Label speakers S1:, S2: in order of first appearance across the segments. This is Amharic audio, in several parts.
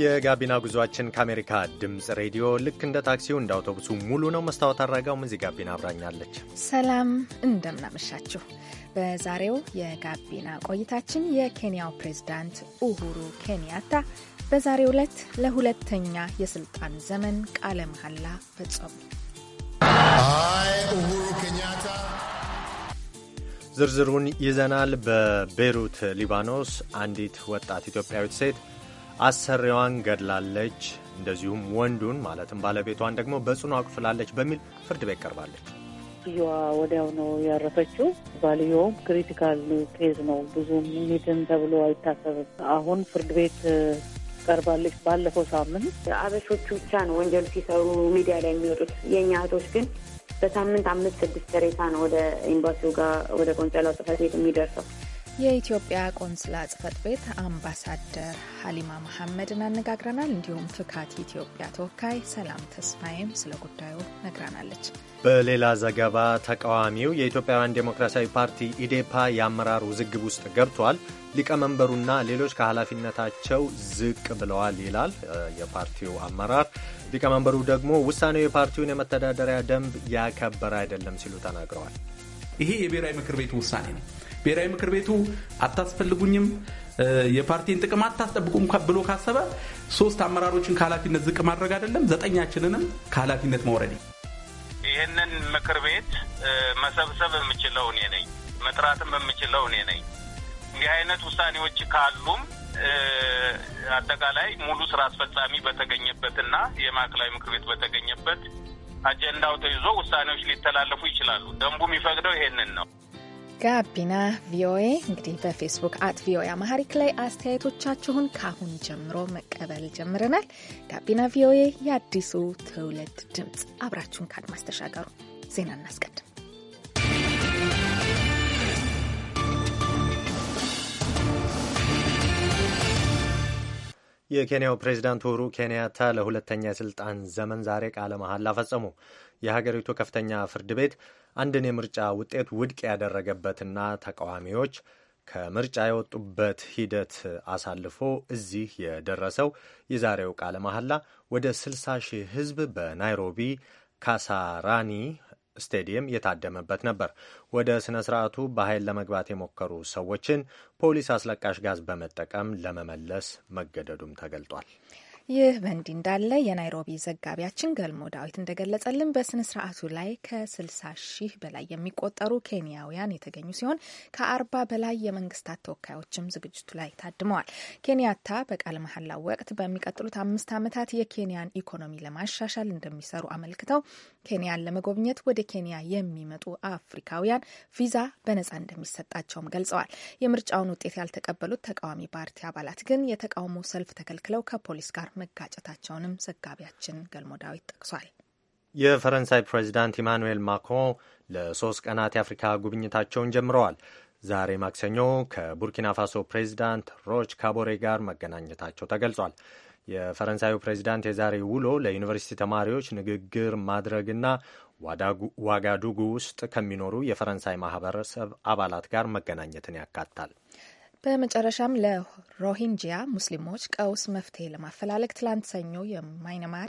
S1: የጋቢና ጉዟችን ከአሜሪካ ድምፅ ሬዲዮ ልክ እንደ ታክሲው እንደ አውቶቡሱ ሙሉ ነው። መስታወት አድራጋውም እዚህ ጋቢና አብራኛለች።
S2: ሰላም እንደምናመሻችሁ። በዛሬው የጋቢና ቆይታችን የኬንያው ፕሬዝዳንት ኡሁሩ ኬንያታ በዛሬው ዕለት ለሁለተኛ የስልጣን ዘመን ቃለ መሐላ ፈጸሙ። አይ ኡሁሩ ኬንያታ
S1: ዝርዝሩን ይዘናል። በቤይሩት ሊባኖስ አንዲት ወጣት ኢትዮጵያዊት ሴት አሰሪዋን ገድላለች፣ እንደዚሁም ወንዱን ማለትም ባለቤቷን ደግሞ በጽኑ አቁስላለች በሚል ፍርድ ቤት ቀርባለች።
S3: ሴትዮዋ ወዲያው ነው ያረፈችው። ባልየውም ክሪቲካል ኬዝ ነው ብዙም ሚድን ተብሎ አይታሰብም። አሁን ፍርድ ቤት ቀርባለች። ባለፈው ሳምንት አበሾቹ ብቻ ነው ወንጀል ሲሰሩ ሚዲያ ላይ የሚወጡት። የእኛ እህቶች ግን በሳምንት አምስት ስድስት ሬሳ ነው ወደ ኤምባሲው ጋር ወደ ቆንጨላው ጽፈት ቤት የሚደርሰው።
S2: የኢትዮጵያ ቆንስላ ጽህፈት ቤት አምባሳደር ሀሊማ መሐመድን አነጋግረናል። እንዲሁም ፍካት ኢትዮጵያ ተወካይ ሰላም ተስፋዬም ስለ ጉዳዩ ነግራናለች።
S1: በሌላ ዘገባ ተቃዋሚው የኢትዮጵያውያን ዴሞክራሲያዊ ፓርቲ ኢዴፓ የአመራር ውዝግብ ውስጥ ገብቷል፣ ሊቀመንበሩና ሌሎች ከኃላፊነታቸው ዝቅ ብለዋል ይላል የፓርቲው አመራር። ሊቀመንበሩ ደግሞ ውሳኔው የፓርቲውን የመተዳደሪያ ደንብ ያከበረ አይደለም ሲሉ ተናግረዋል። ይሄ የብሔራዊ ምክር ቤት ውሳኔ ነው ብሔራዊ ምክር ቤቱ አታስፈልጉኝም፣ የፓርቲን ጥቅም
S4: አታስጠብቁም ብሎ ካሰበ ሶስት አመራሮችን ከኃላፊነት ዝቅ ማድረግ አይደለም፣ ዘጠኛችንንም ከኃላፊነት ማውረድ።
S5: ይህንን ምክር ቤት መሰብሰብ የምችለው እኔ ነኝ፣ መጥራትም የምችለው እኔ ነኝ። እንዲህ አይነት ውሳኔዎች ካሉም አጠቃላይ ሙሉ ስራ አስፈጻሚ በተገኘበትና የማዕከላዊ ምክር ቤት በተገኘበት አጀንዳው ተይዞ ውሳኔዎች ሊተላለፉ ይችላሉ። ደንቡ የሚፈቅደው ይሄንን ነው።
S2: ጋቢና ቪኦኤ እንግዲህ በፌስቡክ አት ቪኦኤ አማሐሪክ ላይ አስተያየቶቻችሁን ከአሁን ጀምሮ መቀበል ጀምረናል። ጋቢና ቪኦኤ የአዲሱ ትውልድ ድምፅ፣ አብራችሁን ከአድማስ ተሻገሩ። ዜና እናስቀድም።
S1: የኬንያው ፕሬዚዳንት ኡሁሩ ኬንያታ ለሁለተኛ የስልጣን ዘመን ዛሬ ቃለ መሐላ ፈጸሙ። የሀገሪቱ ከፍተኛ ፍርድ ቤት አንድን የምርጫ ውጤት ውድቅ ያደረገበትና ተቃዋሚዎች ከምርጫ የወጡበት ሂደት አሳልፎ እዚህ የደረሰው የዛሬው ቃለ መሐላ ወደ 60 ሺህ ሕዝብ በናይሮቢ ካሳራኒ ስቴዲየም የታደመበት ነበር። ወደ ሥነ ሥርዓቱ በኃይል ለመግባት የሞከሩ ሰዎችን ፖሊስ አስለቃሽ ጋዝ በመጠቀም ለመመለስ መገደዱም ተገልጧል።
S2: ይህ በእንዲህ እንዳለ የናይሮቢ ዘጋቢያችን ገልሞ ዳዊት እንደገለጸልን በስነ ስርዓቱ ላይ ከ60 ሺህ በላይ የሚቆጠሩ ኬንያውያን የተገኙ ሲሆን ከአርባ በላይ የመንግስታት ተወካዮችም ዝግጅቱ ላይ ታድመዋል። ኬንያታ በቃለ መሐላው ወቅት በሚቀጥሉት አምስት ዓመታት የኬንያን ኢኮኖሚ ለማሻሻል እንደሚሰሩ አመልክተው ኬንያን ለመጎብኘት ወደ ኬንያ የሚመጡ አፍሪካውያን ቪዛ በነጻ እንደሚሰጣቸውም ገልጸዋል። የምርጫውን ውጤት ያልተቀበሉት ተቃዋሚ ፓርቲ አባላት ግን የተቃውሞ ሰልፍ ተከልክለው ከፖሊስ ጋር መጋጨታቸውንም ዘጋቢያችን ገልሞ ዳዊት ጠቅሷል።
S1: የፈረንሳይ ፕሬዚዳንት ኢማኑኤል ማክሮን ለሶስት ቀናት የአፍሪካ ጉብኝታቸውን ጀምረዋል። ዛሬ ማክሰኞ ከቡርኪና ፋሶ ፕሬዚዳንት ሮች ካቦሬ ጋር መገናኘታቸው ተገልጿል። የፈረንሳዩ ፕሬዚዳንት የዛሬ ውሎ ለዩኒቨርሲቲ ተማሪዎች ንግግር ማድረግና ዋጋዱጉ ውስጥ ከሚኖሩ የፈረንሳይ ማህበረሰብ አባላት ጋር መገናኘትን ያካታል።
S2: በመጨረሻም ለሮሂንጂያ ሙስሊሞች ቀውስ መፍትሄ ለማፈላለግ ትላንት ሰኞ የማይነማር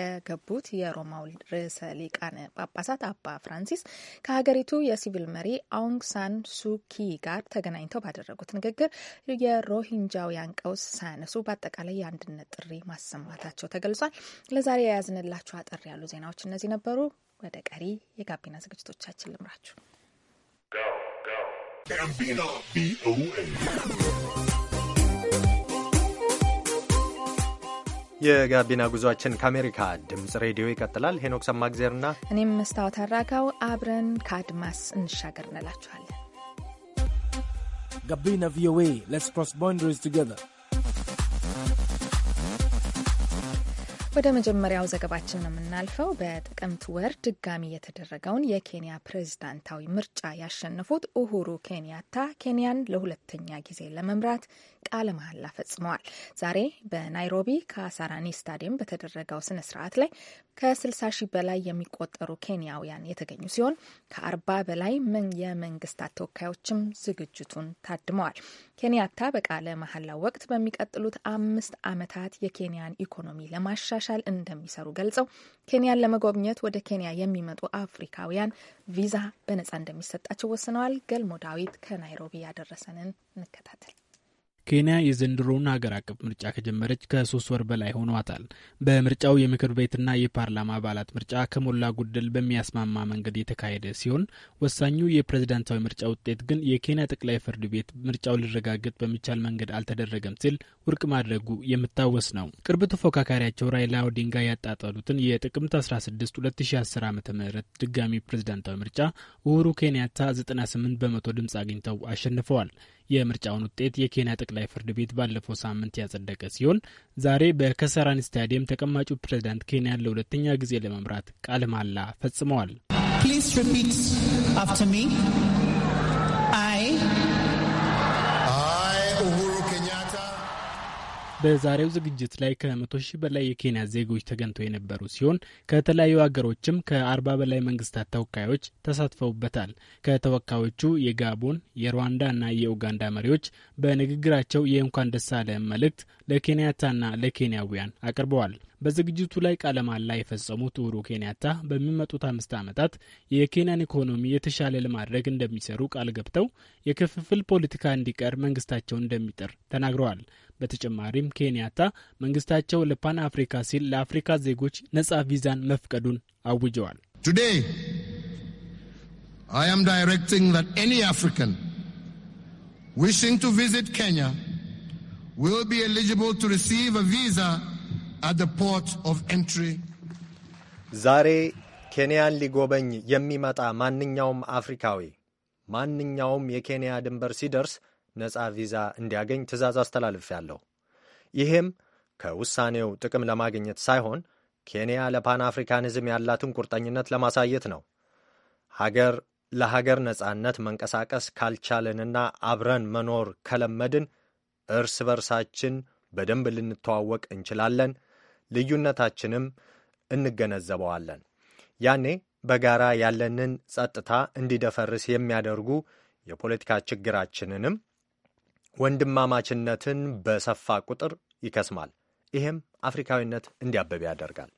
S2: የገቡት የሮማው ርዕሰ ሊቃነ ጳጳሳት አባ ፍራንሲስ ከሀገሪቱ የሲቪል መሪ አውንግ ሳን ሱኪ ጋር ተገናኝተው ባደረጉት ንግግር የሮሂንጃውያን ቀውስ ሳያነሱ በአጠቃላይ የአንድነት ጥሪ ማሰማታቸው ተገልጿል። ለዛሬ የያዝንላችሁ አጠር ያሉ ዜናዎች እነዚህ ነበሩ። ወደ ቀሪ የጋቢና ዝግጅቶቻችን ልምራችሁ።
S1: ጋቢና ቪኦኤ የጋቢና ጉዟችን ከአሜሪካ ድምፅ ሬዲዮ ይቀጥላል። ሄኖክ ሰማግዜርና
S2: እኔም መስታወት አራጋው አብረን ከአድማስ እንሻገር እንላችኋለን።
S1: ጋቢና ቪኦኤ ሌትስ ክሮስ ቦንደሪስ ቱጌዘር
S2: ወደ መጀመሪያው ዘገባችን ነው የምናልፈው። በጥቅምት ወር ድጋሚ የተደረገውን የኬንያ ፕሬዝዳንታዊ ምርጫ ያሸነፉት ኡሁሩ ኬንያታ ኬንያን ለሁለተኛ ጊዜ ለመምራት ቃለ መሐላ ፈጽመዋል። ዛሬ በናይሮቢ ከሳራኒ ስታዲየም በተደረገው ስነ ስርዓት ላይ ከ60 ሺህ በላይ የሚቆጠሩ ኬንያውያን የተገኙ ሲሆን ከ40 በላይ የመንግስታት ተወካዮችም ዝግጅቱን ታድመዋል። ኬንያታ በቃለ መሐላው ወቅት በሚቀጥሉት አምስት ዓመታት የኬንያን ኢኮኖሚ ለማሻሻል እንደሚሰሩ ገልጸው ኬንያን ለመጎብኘት ወደ ኬንያ የሚመጡ አፍሪካውያን ቪዛ በነጻ እንደሚሰጣቸው ወስነዋል። ገልሞ ዳዊት ከናይሮቢ ያደረሰንን እንከታተል።
S6: ኬንያ የዘንድሮውን ሀገር አቀፍ ምርጫ ከጀመረች ከሶስት ወር በላይ ሆኗታል። በምርጫው የምክር ቤትና የፓርላማ አባላት ምርጫ ከሞላ ጎደል በሚያስማማ መንገድ የተካሄደ ሲሆን ወሳኙ የፕሬዝዳንታዊ ምርጫ ውጤት ግን የኬንያ ጠቅላይ ፍርድ ቤት ምርጫው ሊረጋገጥ በሚቻል መንገድ አልተደረገም ሲል ውድቅ ማድረጉ የሚታወስ ነው። ቅርብ ተፎካካሪያቸው ራይላ ኦዲንጋ ያጣጠሉትን የጥቅምት 16 2010 ዓ ም ድጋሚ ፕሬዝዳንታዊ ምርጫ ኡሁሩ ኬንያታ 98 በመቶ ድምፅ አግኝተው አሸንፈዋል። የምርጫውን ውጤት የኬንያ ጠቅላይ ፍርድ ቤት ባለፈው ሳምንት ያጸደቀ ሲሆን ዛሬ በከሰራን ስታዲየም ተቀማጩ ፕሬዝዳንት ኬንያን ለሁለተኛ ጊዜ ለመምራት ቃለ መሃላ ፈጽመዋል። በዛሬው ዝግጅት ላይ ከመቶ ሺህ በላይ የኬንያ ዜጎች ተገኝተው የነበሩ ሲሆን ከተለያዩ ሀገሮችም ከአርባ በላይ መንግስታት ተወካዮች ተሳትፈውበታል። ከተወካዮቹ የጋቦን፣ እና የኡጋንዳ መሪዎች በንግግራቸው የእንኳን ደስ አለ መልእክት ለኬንያታና ለኬንያውያን አቅርበዋል። በዝግጅቱ ላይ ቃለ መሃላ የፈጸሙት ኡሁሩ ኬንያታ በሚመጡት አምስት ዓመታት የኬንያን ኢኮኖሚ የተሻለ ለማድረግ እንደሚሰሩ ቃል ገብተው የክፍፍል ፖለቲካ እንዲቀር መንግስታቸውን እንደሚጥር ተናግረዋል። በተጨማሪም ኬንያታ መንግስታቸው ለፓን አፍሪካ ሲል ለአፍሪካ ዜጎች ነጻ ቪዛን መፍቀዱን አውጀዋል። ቱዴይ አይ አም ዳይሬክቲንግ ዛት
S7: ኤኒ አፍሪካን ኬንያ ዊል ቢ ኤሊጂብል ቱ ሪሲቭ አ
S1: ዛሬ ኬንያን ሊጎበኝ የሚመጣ ማንኛውም አፍሪካዊ ማንኛውም የኬንያ ድንበር ሲደርስ ነፃ ቪዛ እንዲያገኝ ትዕዛዝ አስተላልፌያለሁ። ይህም ከውሳኔው ጥቅም ለማግኘት ሳይሆን ኬንያ ለፓን አፍሪካኒዝም ያላትን ቁርጠኝነት ለማሳየት ነው። ሀገር ለሀገር ነጻነት መንቀሳቀስ ካልቻልንና አብረን መኖር ከለመድን እርስ በርሳችን በደንብ ልንተዋወቅ እንችላለን፣ ልዩነታችንም እንገነዘበዋለን። ያኔ በጋራ ያለንን ጸጥታ እንዲደፈርስ የሚያደርጉ የፖለቲካ ችግራችንንም ወንድማማችነትን በሰፋ ቁጥር ይከስማል። ይህም አፍሪካዊነት እንዲያበብ ያደርጋል።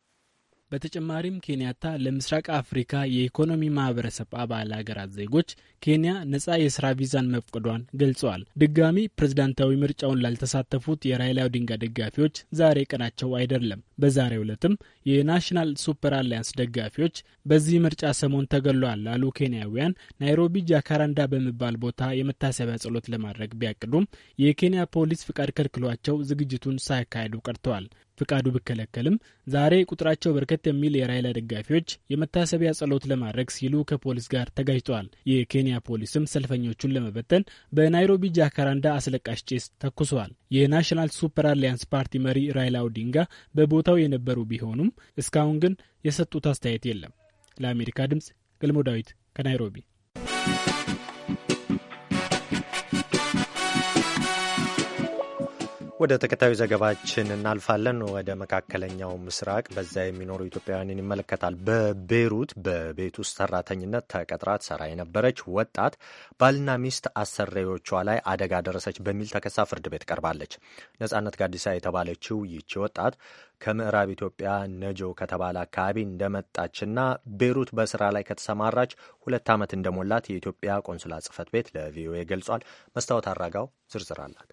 S6: በተጨማሪም ኬንያታ ለምስራቅ አፍሪካ የኢኮኖሚ ማህበረሰብ አባል ሀገራት ዜጎች ኬንያ ነጻ የስራ ቪዛን መፍቀዷን ገልጸዋል። ድጋሚ ፕሬዝዳንታዊ ምርጫውን ላልተሳተፉት የራይላ ኦዲንጋ ደጋፊዎች ዛሬ ቀናቸው አይደለም። በዛሬው ዕለትም የናሽናል ሱፐር አሊያንስ ደጋፊዎች በዚህ ምርጫ ሰሞን ተገሏል ላሉ ኬንያውያን ናይሮቢ ጃካራንዳ በሚባል ቦታ የመታሰቢያ ጸሎት ለማድረግ ቢያቅዱም የኬንያ ፖሊስ ፍቃድ ከልክሏቸው ዝግጅቱን ሳያካሄዱ ቀርተዋል። ፍቃዱ ቢከለከልም ዛሬ ቁጥራቸው በርከት የሚል የራይላ ደጋፊዎች የመታሰቢያ ጸሎት ለማድረግ ሲሉ ከፖሊስ ጋር ተጋጅተዋል። የኬንያ ፖሊስም ሰልፈኞቹን ለመበተን በናይሮቢ ጃካራንዳ አስለቃሽ ጭስ ተኩሰዋል። የናሽናል ሱፐር አሊያንስ ፓርቲ መሪ ራይላ ኦዲንጋ በቦታው የነበሩ ቢሆኑም እስካሁን ግን የሰጡት አስተያየት የለም። ለአሜሪካ ድምጽ ገልሞ ዳዊት ከናይሮቢ
S1: ወደ ተከታዩ ዘገባችን እናልፋለን። ወደ መካከለኛው ምስራቅ በዛ የሚኖሩ ኢትዮጵያውያንን ይመለከታል። በቤይሩት በቤት ውስጥ ሰራተኝነት ተቀጥራ ትሰራ የነበረች ወጣት ባልና ሚስት አሰሪዎቿ ላይ አደጋ ደረሰች በሚል ተከሳ ፍርድ ቤት ቀርባለች። ነጻነት ጋዲሳ የተባለችው ይቺ ወጣት ከምዕራብ ኢትዮጵያ ነጆ ከተባለ አካባቢ እንደመጣችና ቤይሩት በስራ ላይ ከተሰማራች ሁለት ዓመት እንደሞላት የኢትዮጵያ ቆንስላ ጽህፈት ቤት ለቪኦኤ ገልጿል። መስታወት አራጋው ዝርዝር አላት።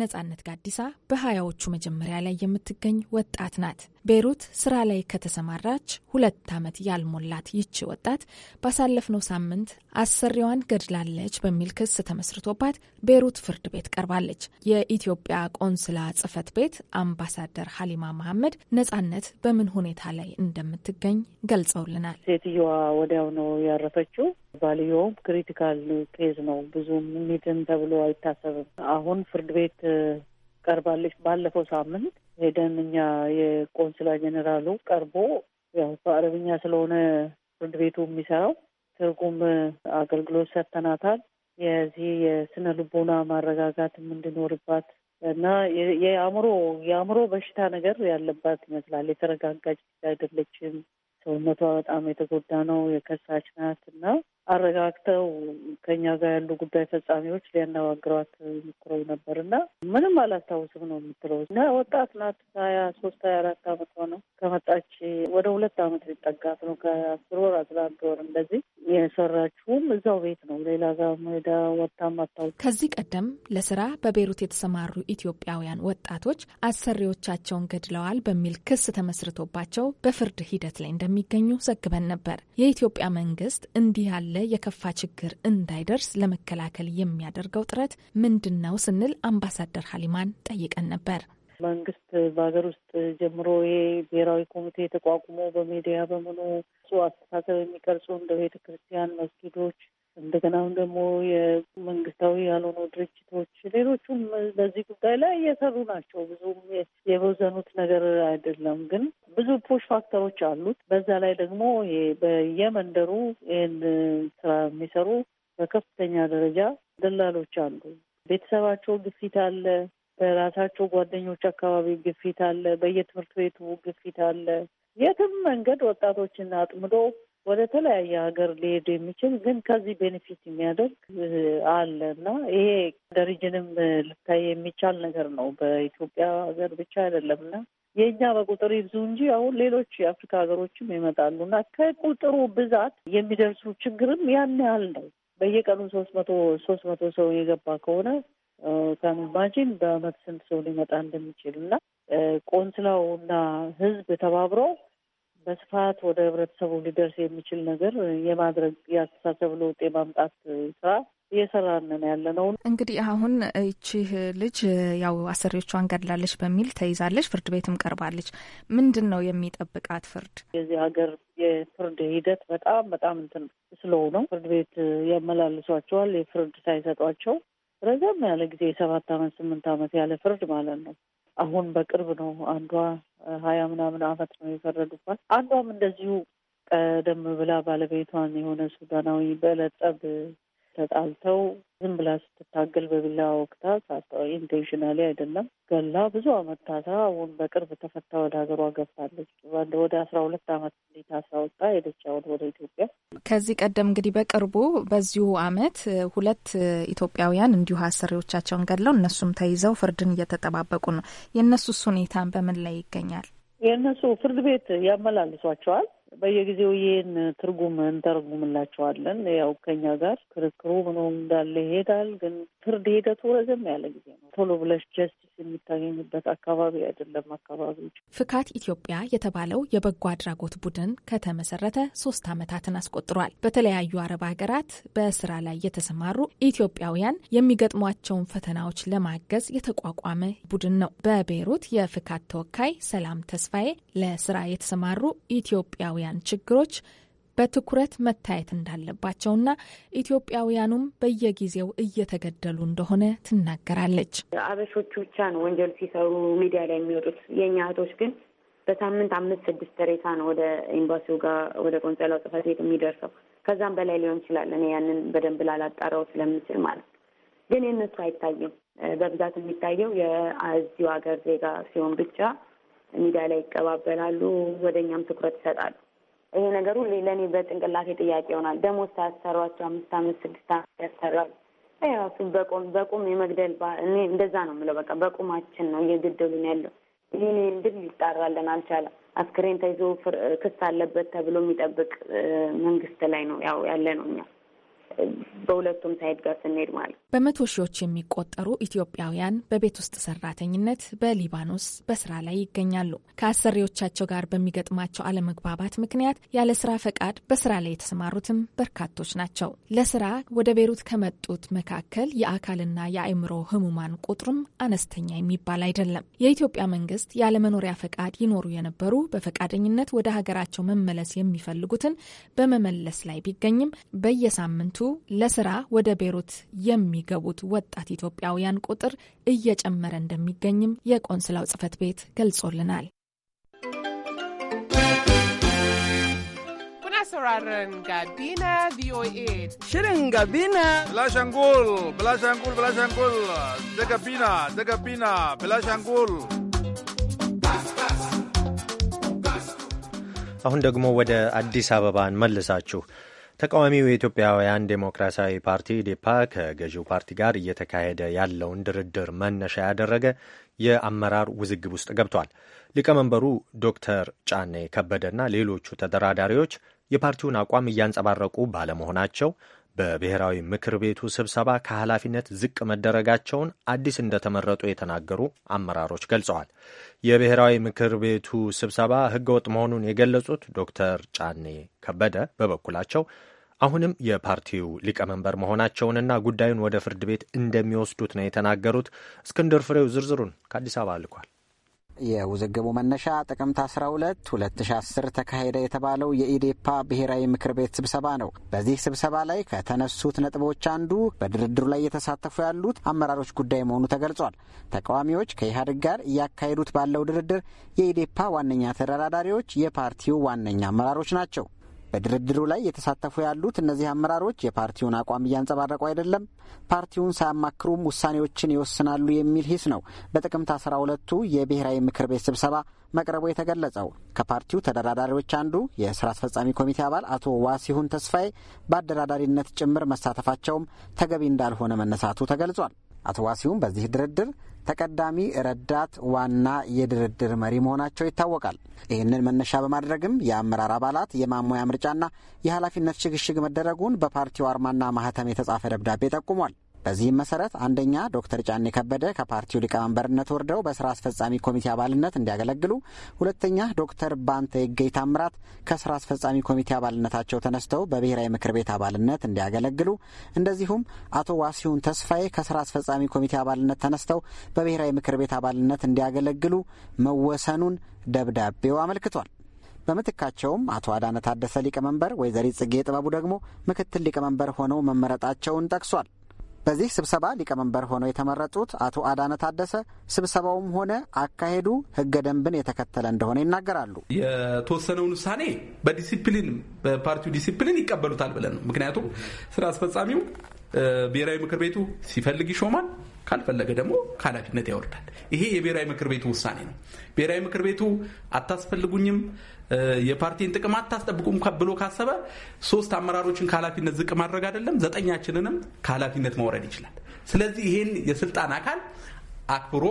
S2: ነጻነት ጋዲሳ በሀያዎቹ መጀመሪያ ላይ የምትገኝ ወጣት ናት። ቤሩት ስራ ላይ ከተሰማራች ሁለት ዓመት ያልሞላት ይቺ ወጣት ባሳለፍነው ሳምንት አሰሪዋን ገድላለች በሚል ክስ ተመስርቶባት ቤሩት ፍርድ ቤት ቀርባለች። የኢትዮጵያ ቆንስላ ጽህፈት ቤት አምባሳደር ሀሊማ መሐመድ ነጻነት በምን ሁኔታ ላይ እንደምትገኝ ገልጸውልናል።
S3: ሴትየዋ ወዲያው ነው ያረፈችው። ባልየውም ክሪቲካል ኬዝ ነው፣ ብዙም ሚድን ተብሎ አይታሰብም። አሁን ፍርድ ቤት ቀርባለች። ባለፈው ሳምንት ሄደን እኛ የቆንስላ ጀኔራሉ ቀርቦ ያው በአረብኛ ስለሆነ ፍርድ ቤቱ የሚሰራው ትርጉም አገልግሎት ሰጥተናታል። የዚህ የስነ ልቦና ማረጋጋትም እንዲኖርባት እና የአእምሮ የአእምሮ በሽታ ነገር ያለባት ይመስላል። የተረጋጋች አይደለችም። ሰውነቷ በጣም የተጎዳ ነው። የከሳች ናት እና አረጋግተው ከኛ ጋር ያሉ ጉዳይ ፈጻሚዎች ሊያነጋግሯት ሞክረው ነበር እና ምንም አላስታውስም ነው የምትለው እና ወጣት ናት ሀያ ሶስት ሀያ አራት አመት ሆነው ከመጣች ወደ ሁለት አመት ሊጠጋት ነው ከአስር ወር አስራ አንድ ወር እንደዚህ የሰራችውም እዛው ቤት ነው ሌላ
S2: ጋ ሜዳ ወጣ አታውቅም ከዚህ ቀደም ለስራ በቤሩት የተሰማሩ ኢትዮጵያውያን ወጣቶች አሰሪዎቻቸውን ገድለዋል በሚል ክስ ተመስርቶባቸው በፍርድ ሂደት ላይ እንደሚገኙ ዘግበን ነበር የኢትዮጵያ መንግስት እንዲህ ያለ የከፋ ችግር እንዳይደርስ ለመከላከል የሚያደርገው ጥረት ምንድን ነው ስንል አምባሳደር ሀሊማን ጠይቀን ነበር።
S3: መንግስት በሀገር ውስጥ ጀምሮ ይሄ ብሔራዊ ኮሚቴ ተቋቁሞ በሚዲያ በምኑ ጽ አስተሳሰብ የሚቀርጹ እንደ ቤተ ክርስቲያን መስጊዶች እንደገናም ደግሞ የመንግስታዊ ያልሆኑ ድርጅቶች ሌሎቹም በዚህ ጉዳይ ላይ እየሰሩ ናቸው። ብዙም የበዘኑት ነገር አይደለም፣ ግን ብዙ ፑሽ ፋክተሮች አሉት። በዛ ላይ ደግሞ በየመንደሩ ይህን ስራ የሚሰሩ በከፍተኛ ደረጃ ደላሎች አሉ። ቤተሰባቸው ግፊት አለ፣ በራሳቸው ጓደኞች አካባቢ ግፊት አለ፣ በየትምህርት ቤቱ ግፊት አለ። የትም መንገድ ወጣቶችን አጥምዶ ወደ ተለያየ ሀገር ሊሄዱ የሚችል ግን ከዚህ ቤኔፊት የሚያደርግ አለ እና ይሄ ደሪጅንም ልታይ የሚቻል ነገር ነው። በኢትዮጵያ ሀገር ብቻ አይደለም እና የእኛ በቁጥር ይብዙ እንጂ አሁን ሌሎች የአፍሪካ ሀገሮችም ይመጣሉ እና ከቁጥሩ ብዛት የሚደርሱ ችግርም ያን ያህል ነው። በየቀኑ ሶስት መቶ ሶስት መቶ ሰው የገባ ከሆነ ከማጂን በአመት ስንት ሰው ሊመጣ እንደሚችል እና ቆንስላው እና ህዝብ ተባብረው በስፋት ወደ ህብረተሰቡ ሊደርስ የሚችል ነገር የማድረግ የአስተሳሰብ ለውጥ የማምጣት ስራ
S2: እየሰራን ያለ ነው። እንግዲህ አሁን ይቺህ ልጅ ያው አሰሪዎቿን ገድላለች በሚል ተይዛለች፣ ፍርድ ቤትም ቀርባለች። ምንድን ነው የሚጠብቃት ፍርድ?
S3: የዚህ ሀገር የፍርድ ሂደት በጣም በጣም እንትን ነው ፍርድ ቤት ያመላልሷቸዋል። የፍርድ ሳይሰጧቸው ረዘም ያለ ጊዜ የሰባት አመት ስምንት አመት ያለ ፍርድ ማለት ነው አሁን በቅርብ ነው። አንዷ ሀያ ምናምን አመት ነው የፈረዱባት። አንዷም እንደዚሁ ቀደም ብላ ባለቤቷን የሆነ ሱዳናዊ በለጠብ ተጣልተው ዝም ብላ ስትታገል በቢላ ወቅታ ኢንቴንሽናሊ አይደለም ገላ ብዙ አመት ታስራ አሁን በቅርብ ተፈታ ወደ ሀገሯ ገብታለች። ወደ አስራ ሁለት አመት
S2: ታስራ ወጣ ሄደች አሁን ወደ ኢትዮጵያ። ከዚህ ቀደም እንግዲህ በቅርቡ በዚሁ አመት ሁለት ኢትዮጵያውያን እንዲሁ አሰሪዎቻቸውን ገድለው እነሱም ተይዘው ፍርድን እየተጠባበቁ ነው። የእነሱስ ሁኔታን በምን ላይ ይገኛል?
S3: የእነሱ ፍርድ ቤት ያመላልሷቸዋል በየጊዜው ይህን ትርጉም እንተረጉምላቸዋለን። ያው ከኛ ጋር ክርክሩ ምኖ እንዳለ ይሄዳል። ግን ፍርድ ሂደቱ ረዘም ያለ ጊዜ ነው። ቶሎ ብለሽ ጀስት የሚታገኝበት አካባቢ አይደለም። አካባቢዎች
S2: ፍካት ኢትዮጵያ የተባለው የበጎ አድራጎት ቡድን ከተመሰረተ ሶስት ዓመታትን አስቆጥሯል። በተለያዩ አረብ ሀገራት በስራ ላይ የተሰማሩ ኢትዮጵያውያን የሚገጥሟቸውን ፈተናዎች ለማገዝ የተቋቋመ ቡድን ነው። በቤይሩት የፍካት ተወካይ ሰላም ተስፋዬ ለስራ የተሰማሩ ኢትዮጵያውያን ችግሮች በትኩረት መታየት እንዳለባቸውና ኢትዮጵያውያኑም በየጊዜው እየተገደሉ እንደሆነ ትናገራለች።
S3: አበሾቹ ብቻ ነው ወንጀል ሲሰሩ ሚዲያ ላይ የሚወጡት። የእኛ እህቶች ግን በሳምንት አምስት ስድስት ሬሳ ነው ወደ ኤምባሲው ጋር ወደ ቆንጸላው ጽፈት ቤት የሚደርሰው። ከዛም በላይ ሊሆን ይችላል። እኔ ያንን በደንብ ላላጣራው ስለምችል ማለት ነው። ግን የእነሱ አይታይም። በብዛት የሚታየው የዚሁ ሀገር ዜጋ ሲሆን ብቻ ሚዲያ ላይ ይቀባበላሉ፣ ወደ እኛም ትኩረት ይሰጣሉ። ይሄ ነገር ሁሌ ለእኔ በጭንቅላቴ ጥያቄ ይሆናል። ደሞዝ ሳያሰሯቸው አምስት አምስት ስድስት አመት ያሰራሉ። ራሱ በቁም በቁም የመግደል እኔ እንደዛ ነው የምለው። በቃ በቁማችን ነው እየገደሉን ያለው። ይህን ድል ይጣራልን አልቻለም። አስክሬን ተይዞ ክስ አለበት ተብሎ የሚጠብቅ መንግስት ላይ ነው ያው ያለ ነው እኛ በሁለቱም ሳይድ ጋር ስንሄድ ማለት
S2: በመቶ ሺዎች የሚቆጠሩ ኢትዮጵያውያን በቤት ውስጥ ሰራተኝነት በሊባኖስ በስራ ላይ ይገኛሉ። ከአሰሪዎቻቸው ጋር በሚገጥማቸው አለመግባባት ምክንያት ያለ ስራ ፈቃድ በስራ ላይ የተሰማሩትም በርካቶች ናቸው። ለስራ ወደ ቤሩት ከመጡት መካከል የአካልና የአእምሮ ህሙማን ቁጥሩም አነስተኛ የሚባል አይደለም። የኢትዮጵያ መንግስት ያለመኖሪያ ፈቃድ ይኖሩ የነበሩ በፈቃደኝነት ወደ ሀገራቸው መመለስ የሚፈልጉትን በመመለስ ላይ ቢገኝም በየሳምንቱ በየዓመቱ ለስራ ወደ ቤሩት የሚገቡት ወጣት ኢትዮጵያውያን ቁጥር እየጨመረ እንደሚገኝም የቆንስላው ጽህፈት ቤት ገልጾልናል።
S1: አሁን ደግሞ ወደ አዲስ አበባ እንመልሳችሁ። ተቃዋሚው የኢትዮጵያውያን ዴሞክራሲያዊ ፓርቲ ኢዴፓ ከገዢው ፓርቲ ጋር እየተካሄደ ያለውን ድርድር መነሻ ያደረገ የአመራር ውዝግብ ውስጥ ገብቷል። ሊቀመንበሩ ዶክተር ጫኔ ከበደና ሌሎቹ ተደራዳሪዎች የፓርቲውን አቋም እያንጸባረቁ ባለመሆናቸው በብሔራዊ ምክር ቤቱ ስብሰባ ከኃላፊነት ዝቅ መደረጋቸውን አዲስ እንደተመረጡ የተናገሩ አመራሮች ገልጸዋል። የብሔራዊ ምክር ቤቱ ስብሰባ ሕገወጥ መሆኑን የገለጹት ዶክተር ጫኔ ከበደ በበኩላቸው አሁንም የፓርቲው ሊቀመንበር መሆናቸውንና ጉዳዩን ወደ ፍርድ ቤት እንደሚወስዱት ነው የተናገሩት። እስክንድር ፍሬው ዝርዝሩን ከአዲስ አበባ ልኳል።
S8: የውዝግቡ መነሻ ጥቅምት 12 2010 ተካሄደ የተባለው የኢዴፓ ብሔራዊ ምክር ቤት ስብሰባ ነው። በዚህ ስብሰባ ላይ ከተነሱት ነጥቦች አንዱ በድርድሩ ላይ እየተሳተፉ ያሉት አመራሮች ጉዳይ መሆኑ ተገልጿል። ተቃዋሚዎች ከኢህአዴግ ጋር እያካሄዱት ባለው ድርድር የኢዴፓ ዋነኛ ተደራዳሪዎች የፓርቲው ዋነኛ አመራሮች ናቸው። በድርድሩ ላይ የተሳተፉ ያሉት እነዚህ አመራሮች የፓርቲውን አቋም እያንጸባረቁ አይደለም፣ ፓርቲውን ሳያማክሩም ውሳኔዎችን ይወስናሉ የሚል ሂስ ነው በጥቅምት አስራ ሁለቱ የብሔራዊ ምክር ቤት ስብሰባ መቅረቡ የተገለጸው። ከፓርቲው ተደራዳሪዎች አንዱ የስራ አስፈጻሚ ኮሚቴ አባል አቶ ዋሲሁን ተስፋዬ በአደራዳሪነት ጭምር መሳተፋቸውም ተገቢ እንዳልሆነ መነሳቱ ተገልጿል። አቶ ዋሲሁም በዚህ ድርድር ተቀዳሚ ረዳት ዋና የድርድር መሪ መሆናቸው ይታወቃል። ይህንን መነሻ በማድረግም የአመራር አባላት የማሞያ ምርጫና የኃላፊነት ሽግሽግ መደረጉን በፓርቲው አርማና ማህተም የተጻፈ ደብዳቤ ጠቁሟል። በዚህም መሰረት አንደኛ ዶክተር ጫኔ ከበደ ከፓርቲው ሊቀመንበርነት ወርደው በስራ አስፈጻሚ ኮሚቴ አባልነት እንዲያገለግሉ፣ ሁለተኛ ዶክተር ባንተ የገይ ታምራት ከስራ አስፈጻሚ ኮሚቴ አባልነታቸው ተነስተው በብሔራዊ ምክር ቤት አባልነት እንዲያገለግሉ፣ እንደዚሁም አቶ ዋሲሁን ተስፋዬ ከስራ አስፈጻሚ ኮሚቴ አባልነት ተነስተው በብሔራዊ ምክር ቤት አባልነት እንዲያገለግሉ መወሰኑን ደብዳቤው አመልክቷል። በምትካቸውም አቶ አዳነ ታደሰ ሊቀመንበር፣ ወይዘሪት ጽጌ ጥበቡ ደግሞ ምክትል ሊቀመንበር ሆነው መመረጣቸውን ጠቅሷል። በዚህ ስብሰባ ሊቀመንበር ሆነው የተመረጡት አቶ አዳነ ታደሰ ስብሰባውም ሆነ አካሄዱ ህገ ደንብን የተከተለ እንደሆነ ይናገራሉ።
S4: የተወሰነውን ውሳኔ በዲሲፕሊን በፓርቲው ዲሲፕሊን ይቀበሉታል ብለን ነው። ምክንያቱም ስራ አስፈጻሚው ብሔራዊ ምክር ቤቱ ሲፈልግ ይሾማል፣ ካልፈለገ ደግሞ ከኃላፊነት ያወርዳል። ይሄ የብሔራዊ ምክር ቤቱ ውሳኔ ነው። ብሔራዊ ምክር ቤቱ አታስፈልጉኝም የፓርቲን ጥቅም አታስጠብቁም ብሎ ካሰበ ሶስት አመራሮችን ከኃላፊነት ዝቅ ማድረግ አይደለም ዘጠኛችንንም ከኃላፊነት ማውረድ ይችላል። ስለዚህ ይህን የስልጣን አካል አክብሮ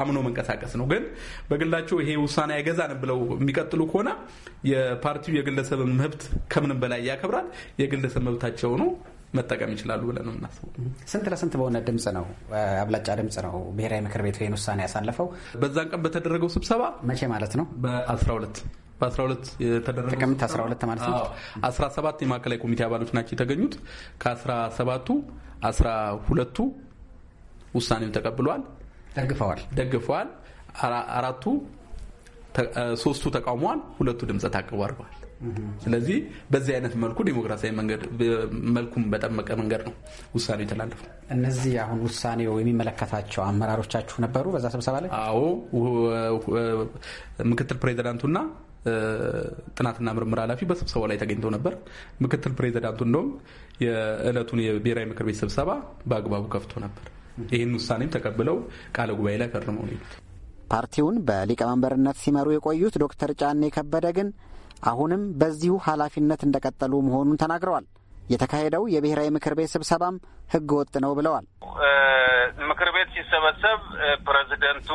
S4: አምኖ መንቀሳቀስ ነው። ግን በግላቸው ይሄ ውሳኔ አይገዛንም ብለው የሚቀጥሉ ከሆነ የፓርቲው የግለሰብን መብት ከምንም በላይ ያከብራል። የግለሰብ መብታቸው ነው መጠቀም ይችላሉ ብለን ነው የምናስበው።
S8: ስንት ለስንት በሆነ ድምፅ ነው አብላጫ ድምፅ ነው ብሔራዊ ምክር ቤቱ ይህን ውሳኔ ያሳለፈው። በዛን ቀን በተደረገው ስብሰባ መቼ ማለት ነው በ12 በ12 የተደረገው ጥቅምት
S4: 12 ማለት ነው። 17 የማዕከላዊ ኮሚቴ አባሎች ናቸው የተገኙት። ከ17ቱ 12ቱ ውሳኔውን ተቀብለዋል፣ ደግፈዋል ደግፈዋል። አራቱ ሶስቱ ተቃውመዋል፣ ሁለቱ ድምፀ ታቅቦ አድርገዋል። ስለዚህ በዚህ አይነት መልኩ ዲሞክራሲያዊ መንገድ መልኩም በጠመቀ መንገድ ነው ውሳኔው የተላለፉ
S8: እነዚህ አሁን ውሳኔው የሚመለከታቸው አመራሮቻችሁ ነበሩ በዛ ስብሰባ ላይ? አዎ
S4: ምክትል ፕሬዚዳንቱና ጥናትና ምርምር ኃላፊ በስብሰባው ላይ ተገኝቶ ነበር። ምክትል ፕሬዚዳንቱ እንደውም የዕለቱን የብሔራዊ ምክር ቤት ስብሰባ በአግባቡ ከፍቶ ነበር። ይህን ውሳኔም ተቀብለው ቃለ ጉባኤ ላይ ፈርመው ነው ይሉት።
S8: ፓርቲውን በሊቀመንበርነት ሲመሩ የቆዩት ዶክተር ጫኔ ከበደ ግን አሁንም በዚሁ ኃላፊነት እንደቀጠሉ መሆኑን ተናግረዋል። የተካሄደው የብሔራዊ ምክር ቤት ስብሰባም ሕገ ወጥ ነው ብለዋል።
S5: ምክር ሲሰበሰብ ፕሬዚደንቱ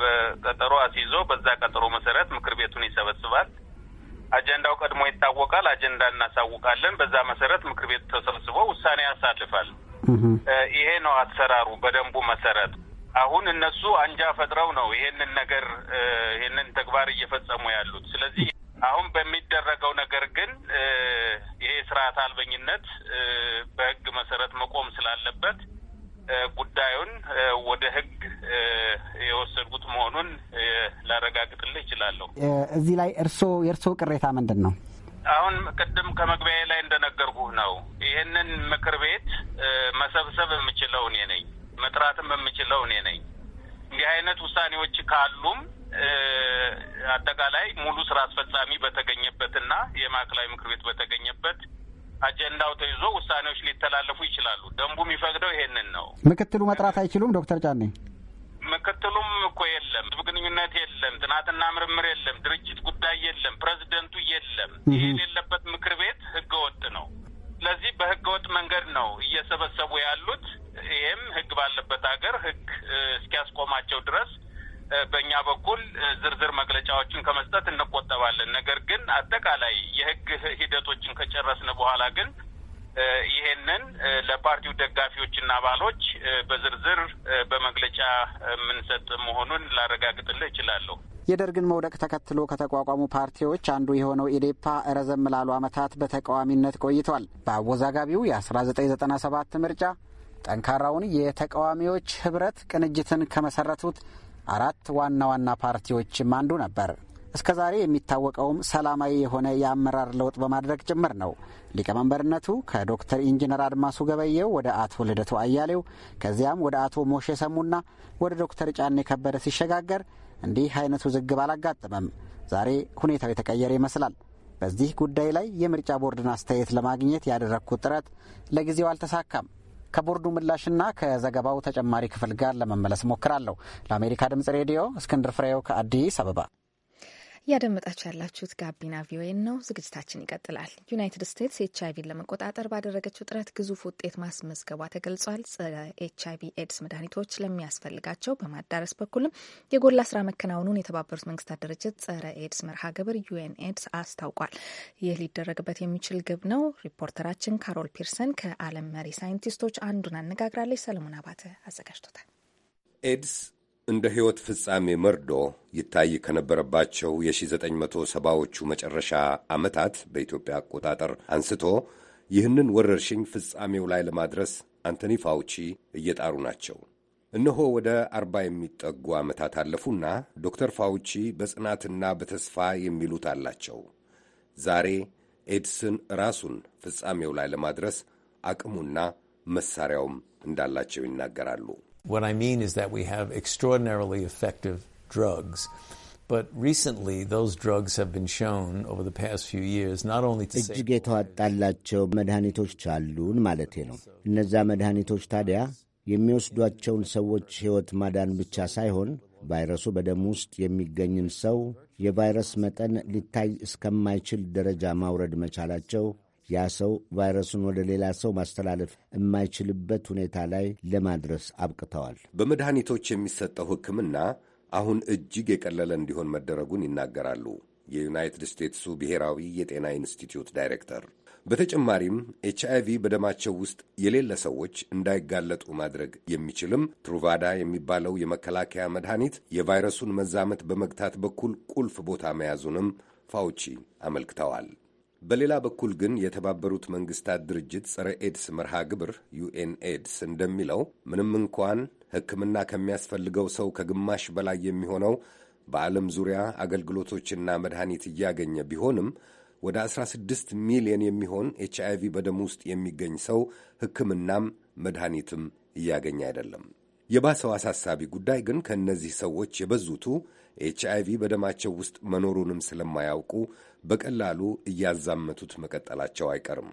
S5: በቀጠሮ አስይዞ በዛ ቀጠሮ መሰረት ምክር ቤቱን ይሰበስባል። አጀንዳው ቀድሞ ይታወቃል። አጀንዳ እናሳውቃለን። በዛ መሰረት ምክር ቤቱ ተሰብስቦ ውሳኔ ያሳልፋል። ይሄ ነው አሰራሩ በደንቡ መሰረት። አሁን እነሱ አንጃ ፈጥረው ነው ይሄንን ነገር ይሄንን ተግባር እየፈጸሙ ያሉት። ስለዚህ አሁን በሚደረገው ነገር ግን ይሄ ስርዓት አልበኝነት በህግ መሰረት መቆም ስላለበት ጉዳዩን ወደ ህግ የወሰድኩት መሆኑን ላረጋግጥልህ እችላለሁ።
S8: እዚህ ላይ እርስዎ የእርስዎ ቅሬታ ምንድን ነው?
S5: አሁን ቅድም ከመግቢያ ላይ እንደነገርኩህ ነው። ይህንን ምክር ቤት መሰብሰብ የምችለው እኔ ነኝ፣ መጥራትም የምችለው እኔ ነኝ። እንዲህ አይነት ውሳኔዎች ካሉም አጠቃላይ ሙሉ ስራ አስፈጻሚ በተገኘበትና የማዕከላዊ ምክር ቤት በተገኘበት አጀንዳው ተይዞ ውሳኔዎች ሊተላለፉ ይችላሉ። ደንቡ የሚፈቅደው ይሄንን ነው።
S8: ምክትሉ መጥራት አይችሉም ዶክተር ጫኔ? ምክትሉም እኮ የለም፣ ህዝብ ግንኙነት የለም፣ ጥናትና ምርምር የለም፣ ድርጅት ጉዳይ የለም፣ ፕሬዚደንቱ የለም። ይህ የሌለበት ምክር
S5: ቤት ህገወጥ ነው። ስለዚህ በህገወጥ መንገድ ነው እየሰበሰቡ ያሉት። ይህም ህግ ባለበት ሀገር ህግ እስኪያስቆማቸው ድረስ በእኛ በኩል ዝርዝር መግለጫዎችን ከመስጠት እንቆጠባለን። ነገር ግን አጠቃላይ የህግ ሂደቶችን ከጨረስን በኋላ ግን ይሄንን ለፓርቲው ደጋፊዎችና አባሎች በዝርዝር በመግለጫ የምንሰጥ
S9: መሆኑን ላረጋግጥልህ እችላለሁ።
S8: የደርግን መውደቅ ተከትሎ ከተቋቋሙ ፓርቲዎች አንዱ የሆነው ኢዴፓ ረዘም ላሉ ዓመታት በተቃዋሚነት ቆይቷል። በአወዛጋቢው የ1997 ምርጫ ጠንካራውን የተቃዋሚዎች ህብረት ቅንጅትን ከመሰረቱት አራት ዋና ዋና ፓርቲዎችም አንዱ ነበር። እስከ ዛሬ የሚታወቀውም ሰላማዊ የሆነ የአመራር ለውጥ በማድረግ ጭምር ነው። ሊቀመንበርነቱ ከዶክተር ኢንጂነር አድማሱ ገበየው ወደ አቶ ልደቱ አያሌው ከዚያም ወደ አቶ ሞሼ ሰሙና ወደ ዶክተር ጫኔ ከበደ ሲሸጋገር እንዲህ አይነቱ ዝግብ አላጋጠመም። ዛሬ ሁኔታው የተቀየረ ይመስላል። በዚህ ጉዳይ ላይ የምርጫ ቦርድን አስተያየት ለማግኘት ያደረግኩት ጥረት ለጊዜው አልተሳካም። ከቦርዱ ምላሽና ከዘገባው ተጨማሪ ክፍል ጋር ለመመለስ ሞክራለሁ። ለአሜሪካ ድምጽ ሬዲዮ እስክንድር ፍሬው ከአዲስ አበባ
S2: እያደመጣችሁ ያላችሁት ጋቢና ቪኦኤ ነው። ዝግጅታችን ይቀጥላል። ዩናይትድ ስቴትስ ኤች አይቪን ለመቆጣጠር ባደረገችው ጥረት ግዙፍ ውጤት ማስመዝገቧ ተገልጿል። ጸረ ኤች አይቪ ኤድስ መድኃኒቶች ለሚያስፈልጋቸው በማዳረስ በኩልም የጎላ ስራ መከናወኑን የተባበሩት መንግስታት ድርጅት ጸረ ኤድስ መርሃ ግብር ዩኤን ኤድስ አስታውቋል። ይህ ሊደረግበት የሚችል ግብ ነው። ሪፖርተራችን ካሮል ፒርሰን ከዓለም መሪ ሳይንቲስቶች አንዱን አነጋግራለች። ሰለሞን አባተ አዘጋጅቶታል።
S7: ኤድስ እንደ ሕይወት ፍጻሜ መርዶ ይታይ ከነበረባቸው የ1970ዎቹ መጨረሻ ዓመታት በኢትዮጵያ አቆጣጠር አንስቶ ይህንን ወረርሽኝ ፍጻሜው ላይ ለማድረስ አንቶኒ ፋውቺ እየጣሩ ናቸው። እነሆ ወደ አርባ የሚጠጉ ዓመታት አለፉና ዶክተር ፋውቺ በጽናትና በተስፋ የሚሉት አላቸው። ዛሬ ኤድስን ራሱን ፍጻሜው ላይ ለማድረስ አቅሙና መሳሪያውም እንዳላቸው ይናገራሉ።
S10: What I mean is that we have extraordinarily effective drugs. But recently, those drugs have been shown over the past few years not only to
S9: ያ ሰው ቫይረሱን ወደ ሌላ ሰው ማስተላለፍ የማይችልበት ሁኔታ ላይ ለማድረስ አብቅተዋል።
S7: በመድኃኒቶች የሚሰጠው ሕክምና አሁን እጅግ የቀለለ እንዲሆን መደረጉን ይናገራሉ የዩናይትድ ስቴትሱ ብሔራዊ የጤና ኢንስቲትዩት ዳይሬክተር። በተጨማሪም ኤች ቪ በደማቸው ውስጥ የሌለ ሰዎች እንዳይጋለጡ ማድረግ የሚችልም ትሩቫዳ የሚባለው የመከላከያ መድኃኒት የቫይረሱን መዛመት በመግታት በኩል ቁልፍ ቦታ መያዙንም ፋውቺ አመልክተዋል። በሌላ በኩል ግን የተባበሩት መንግስታት ድርጅት ጸረ ኤድስ መርሃ ግብር ዩኤን ኤድስ እንደሚለው ምንም እንኳን ሕክምና ከሚያስፈልገው ሰው ከግማሽ በላይ የሚሆነው በዓለም ዙሪያ አገልግሎቶችና መድኃኒት እያገኘ ቢሆንም ወደ 16 ሚሊዮን የሚሆን ኤች አይቪ በደም ውስጥ የሚገኝ ሰው ሕክምናም መድኃኒትም እያገኘ አይደለም። የባሰው አሳሳቢ ጉዳይ ግን ከእነዚህ ሰዎች የበዙቱ ኤች አይቪ በደማቸው ውስጥ መኖሩንም ስለማያውቁ በቀላሉ እያዛመቱት መቀጠላቸው አይቀርም።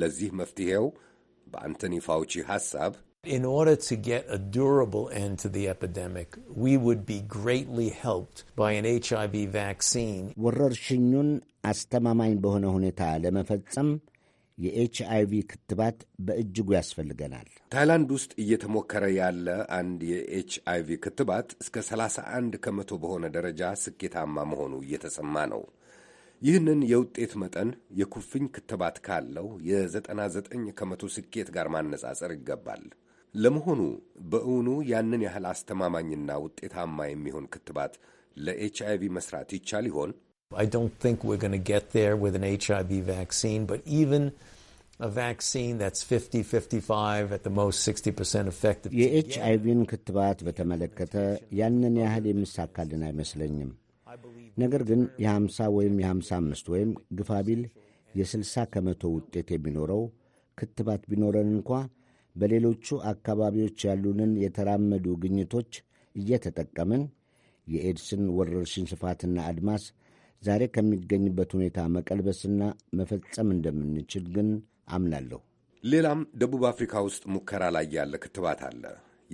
S7: ለዚህ መፍትሄው በአንቶኒ ፋውቺ ሐሳብ
S10: In order to get a durable end to the epidemic, we would be greatly helped by an HIV vaccine. ወረርሽኙን
S9: አስተማማኝ በሆነ ሁኔታ ለመፈጸም የኤችአይቪ ክትባት በእጅጉ ያስፈልገናል።
S7: ታይላንድ ውስጥ እየተሞከረ ያለ አንድ የኤችአይቪ ክትባት እስከ 31 ከመቶ በሆነ ደረጃ ስኬታማ መሆኑ እየተሰማ ነው። ይህንን የውጤት መጠን የኩፍኝ ክትባት ካለው የ99 ከመቶ ስኬት ጋር ማነጻጸር ይገባል። ለመሆኑ በእውኑ ያንን ያህል አስተማማኝና ውጤታማ የሚሆን ክትባት ለኤች ቪ መስራት ይቻል ይሆን?
S9: የኤች አይቪን ክትባት በተመለከተ ያንን ያህል የሚሳካልን አይመስለኝም። ነገር ግን የ50 ወይም የ55 ወይም ግፋቢል የ60 ከመቶ ውጤት የሚኖረው ክትባት ቢኖረን እንኳ በሌሎቹ አካባቢዎች ያሉንን የተራመዱ ግኝቶች እየተጠቀምን የኤድስን ወረርሽኝ ስፋትና አድማስ ዛሬ ከሚገኝበት ሁኔታ መቀልበስና መፈጸም እንደምንችል ግን አምናለሁ።
S7: ሌላም ደቡብ አፍሪካ ውስጥ ሙከራ ላይ ያለ ክትባት አለ።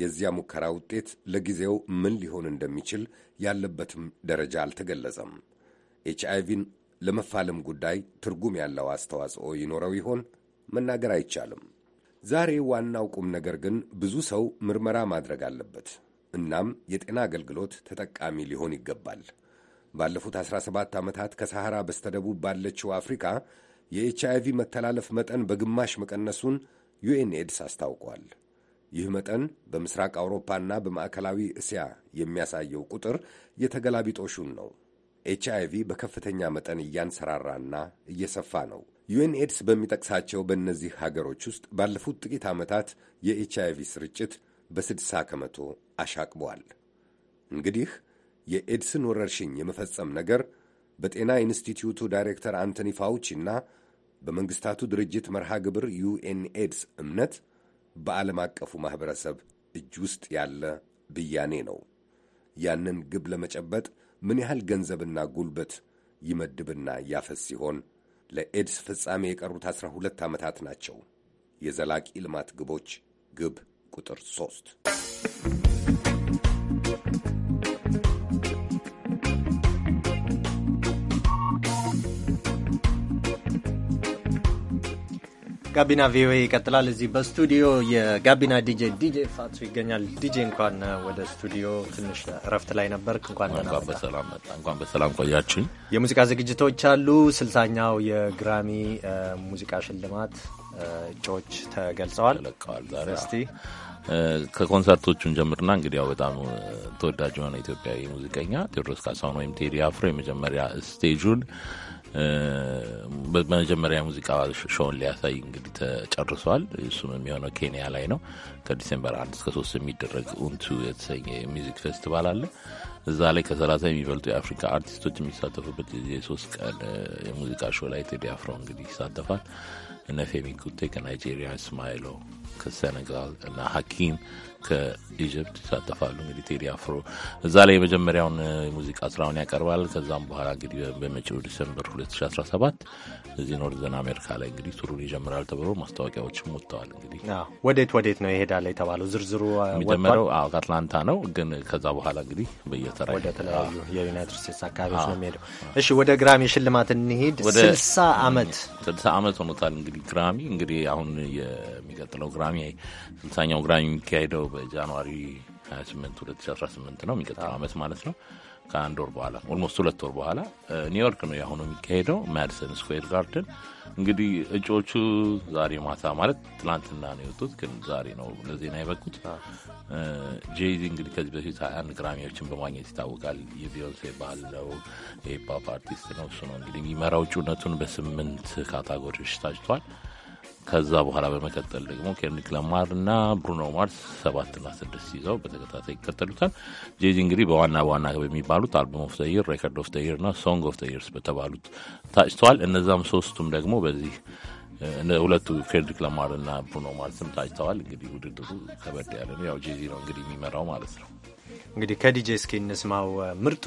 S7: የዚያ ሙከራ ውጤት ለጊዜው ምን ሊሆን እንደሚችል ያለበትም ደረጃ አልተገለጸም። ኤች አይቪን ለመፋለም ጉዳይ ትርጉም ያለው አስተዋጽኦ ይኖረው ይሆን? መናገር አይቻልም። ዛሬ ዋናው ቁም ነገር ግን ብዙ ሰው ምርመራ ማድረግ አለበት። እናም የጤና አገልግሎት ተጠቃሚ ሊሆን ይገባል። ባለፉት 17 ዓመታት ከሰሐራ በስተደቡብ ባለችው አፍሪካ የኤች አይቪ መተላለፍ መጠን በግማሽ መቀነሱን ዩኤንኤድስ አስታውቋል። ይህ መጠን በምስራቅ አውሮፓና በማዕከላዊ እስያ የሚያሳየው ቁጥር የተገላቢጦሹን ነው። ኤች አይ ቪ በከፍተኛ መጠን እያንሰራራና እየሰፋ ነው። ዩኤን ኤድስ በሚጠቅሳቸው በእነዚህ ሀገሮች ውስጥ ባለፉት ጥቂት ዓመታት የኤች አይ ቪ ስርጭት በስድሳ ከመቶ አሻቅቧል። እንግዲህ የኤድስን ወረርሽኝ የመፈጸም ነገር በጤና ኢንስቲትዩቱ ዳይሬክተር አንቶኒ ፋውቺ እና በመንግሥታቱ ድርጅት መርሃ ግብር ዩኤን ኤድስ እምነት በዓለም አቀፉ ማኅበረሰብ እጅ ውስጥ ያለ ብያኔ ነው። ያንን ግብ ለመጨበጥ ምን ያህል ገንዘብና ጉልበት ይመድብና ያፈስ ሲሆን ለኤድስ ፍጻሜ የቀሩት ዐሥራ ሁለት ዓመታት ናቸው። የዘላቂ ልማት ግቦች ግብ ቁጥር ሦስት
S1: ጋቢና ቪኦኤ ይቀጥላል። እዚህ በስቱዲዮ የጋቢና ዲጄ ዲጄ ፋቱ ይገኛል። ዲጄ እንኳን ወደ ስቱዲዮ ትንሽ እረፍት ላይ ነበርክ። እንኳን በሰላም መጣ፣
S10: እንኳን በሰላም ቆያችን።
S1: የሙዚቃ ዝግጅቶች አሉ። ስልሳኛው የግራሚ ሙዚቃ ሽልማት እጩዎች ተገልጸዋል።
S10: እስቲ ከኮንሰርቶቹን ጀምርና እንግዲህ ያው በጣም ተወዳጅ የሆነ ኢትዮጵያዊ ሙዚቀኛ ቴዎድሮስ ካሳሁን ወይም ቴዲ አፍሮ የመጀመሪያ ስቴጁን በመጀመሪያ ሙዚቃ ሾውን ሊያሳይ እንግዲህ ተጨርሷል። እሱም የሚሆነው ኬንያ ላይ ነው። ከዲሴምበር አንድ እስከ ሶስት የሚደረግ ኡንቱ የተሰኘ ሚዚክ ፌስቲቫል አለ። እዛ ላይ ከሰላሳ የሚበልጡ የአፍሪካ አርቲስቶች የሚሳተፉበት የሶስት ቀን የሙዚቃ ሾው ላይ ቴዲ አፍሮ እንግዲህ ይሳተፋል። እነ ፌሚ ኩቴ ከናይጄሪያ፣ ስማይሎ ከሴኔጋል እና ሀኪም ከኢጅፕት ይሳተፋሉ። እንግዲህ ቴዲ አፍሮ እዛ ላይ የመጀመሪያውን የሙዚቃ ስራውን ያቀርባል። ከዛም በኋላ እንግዲህ በመጪው ዲሰምበር 2017 እዚህ ኖርዘን አሜሪካ ላይ እንግዲህ ቱሩን ይጀምራል ተብሎ ማስታወቂያዎችም ወጥተዋል። እንግዲህ
S1: ወዴት ወዴት ነው ይሄዳል የተባለው? ዝርዝሩ የሚጀመረው ከአትላንታ ነው፣ ግን ከዛ በኋላ እንግዲህ በየተራ ወደ ተለያዩ የዩናይትድ ስቴትስ አካባቢዎች ነው የሚሄደው። እሺ ወደ ግራሚ ሽልማት እንሂድ። ስልሳ አመት
S10: ስልሳ አመት ሆኖታል እንግዲህ ግራሚ እንግዲህ አሁን የሚቀጥለው ግራሚ ስልሳኛው ግራሚ የሚካሄደው በጃንዋሪ 28 2018 ነው የሚቀጥለው ዓመት ማለት ነው። ከአንድ ወር በኋላ ኦልሞስት ሁለት ወር በኋላ ኒውዮርክ ነው የአሁኑ የሚካሄደው ማዲሰን ስኩዌር ጋርደን። እንግዲህ እጩዎቹ ዛሬ ማታ ማለት ትናንትና ነው የወጡት፣ ግን ዛሬ ነው ለዜና የበቁት። ጄይዚ እንግዲህ ከዚህ በፊት ሀያ አንድ ግራሚዎችን በማግኘት ይታወቃል። የቢዮንሴ ባለው የሂፓፕ አርቲስት ነው። እሱ ነው እንግዲህ የሚመራው እጩነቱን በስምንት ካታጎሪዎች ታጭቷል። ከዛ በኋላ በመቀጠል ደግሞ ኬንድሪክ ለማር እና ብሩኖ ማርስ ሰባትና ስድስት ይዘው በተከታታይ ይከተሉታል። ጄዚ እንግዲህ በዋና በዋና በሚባሉት አልበም ኦፍ ተይር፣ ሬከርድ ኦፍ ተይር እና ሶንግ ኦፍ ተይርስ በተባሉት ታጭተዋል። እነዛም ሶስቱም ደግሞ በዚህ ሁለቱ ኬንድሪክ ለማር እና ብሩኖ ማርስም ታጭተዋል። እንግዲህ ውድድሩ ከበድ ያለ ነው። ያው ጄዚ ነው እንግዲህ የሚመራው ማለት ነው። እንግዲህ ከዲጄ
S1: እስኪ እንስማው ምርጡ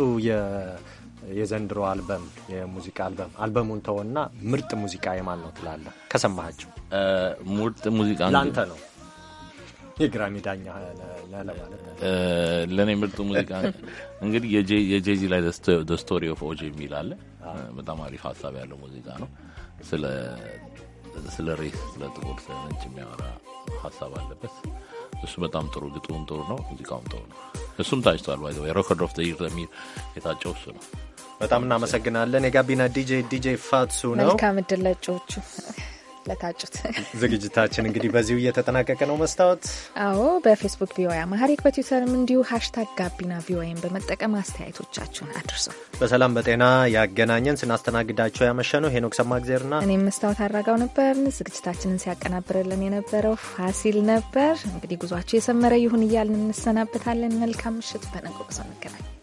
S1: የዘንድሮ አልበም የሙዚቃ አልበም አልበሙን ተወና ምርጥ ሙዚቃ የማን ነው ትላለ?
S10: ከሰማሃቸው ምርጥ ሙዚቃ ለአንተ ነው
S1: የግራሚ ዳኛ ለማለት
S10: ለእኔ ምርጥ ሙዚቃ እንግዲህ የጄዚ ላይ ስቶሪ ኦፍ ኦጂ የሚል አለ። በጣም አሪፍ ሀሳብ ያለው ሙዚቃ ነው። ስለ ሬስ፣ ስለ ጥቁር፣ ስለ ነጭ የሚያወራ ሀሳብ አለበት። እሱ በጣም ጥሩ ግጥሙም ጥሩ ነው፣ ሙዚቃውም ጥሩ ነው። እሱም ታጭቷል። ባይ ሮከርድ ኦፍ ዘ የሚል የታጨው እሱ ነው።
S1: በጣም እናመሰግናለን። የጋቢና ዲጄ ዲጄ ፋትሱ ነው። መልካም
S2: እድል ለእጩዎቹ ለታጩት
S1: ዝግጅታችን እንግዲህ በዚሁ እየተጠናቀቀ ነው። መስታወት
S2: አዎ፣ በፌስቡክ ቪኦኤ አማሪክ በትዊተርም እንዲሁ ሀሽታግ ጋቢና ቪኦኤን በመጠቀም አስተያየቶቻችሁን አድርሱ።
S1: በሰላም በጤና ያገናኘን። ስናስተናግዳቸው ያመሸ ነው ሄኖክ ግዜርና
S2: እኔም መስታወት አድራጋው ነበር። ዝግጅታችንን ሲያቀናብርልን የነበረው ፋሲል ነበር። እንግዲህ ጉዟቸው የሰመረ ይሁን እያልን እንሰናበታለን። መልካም ምሽት። በነገ ጉዞ እንገናኝ።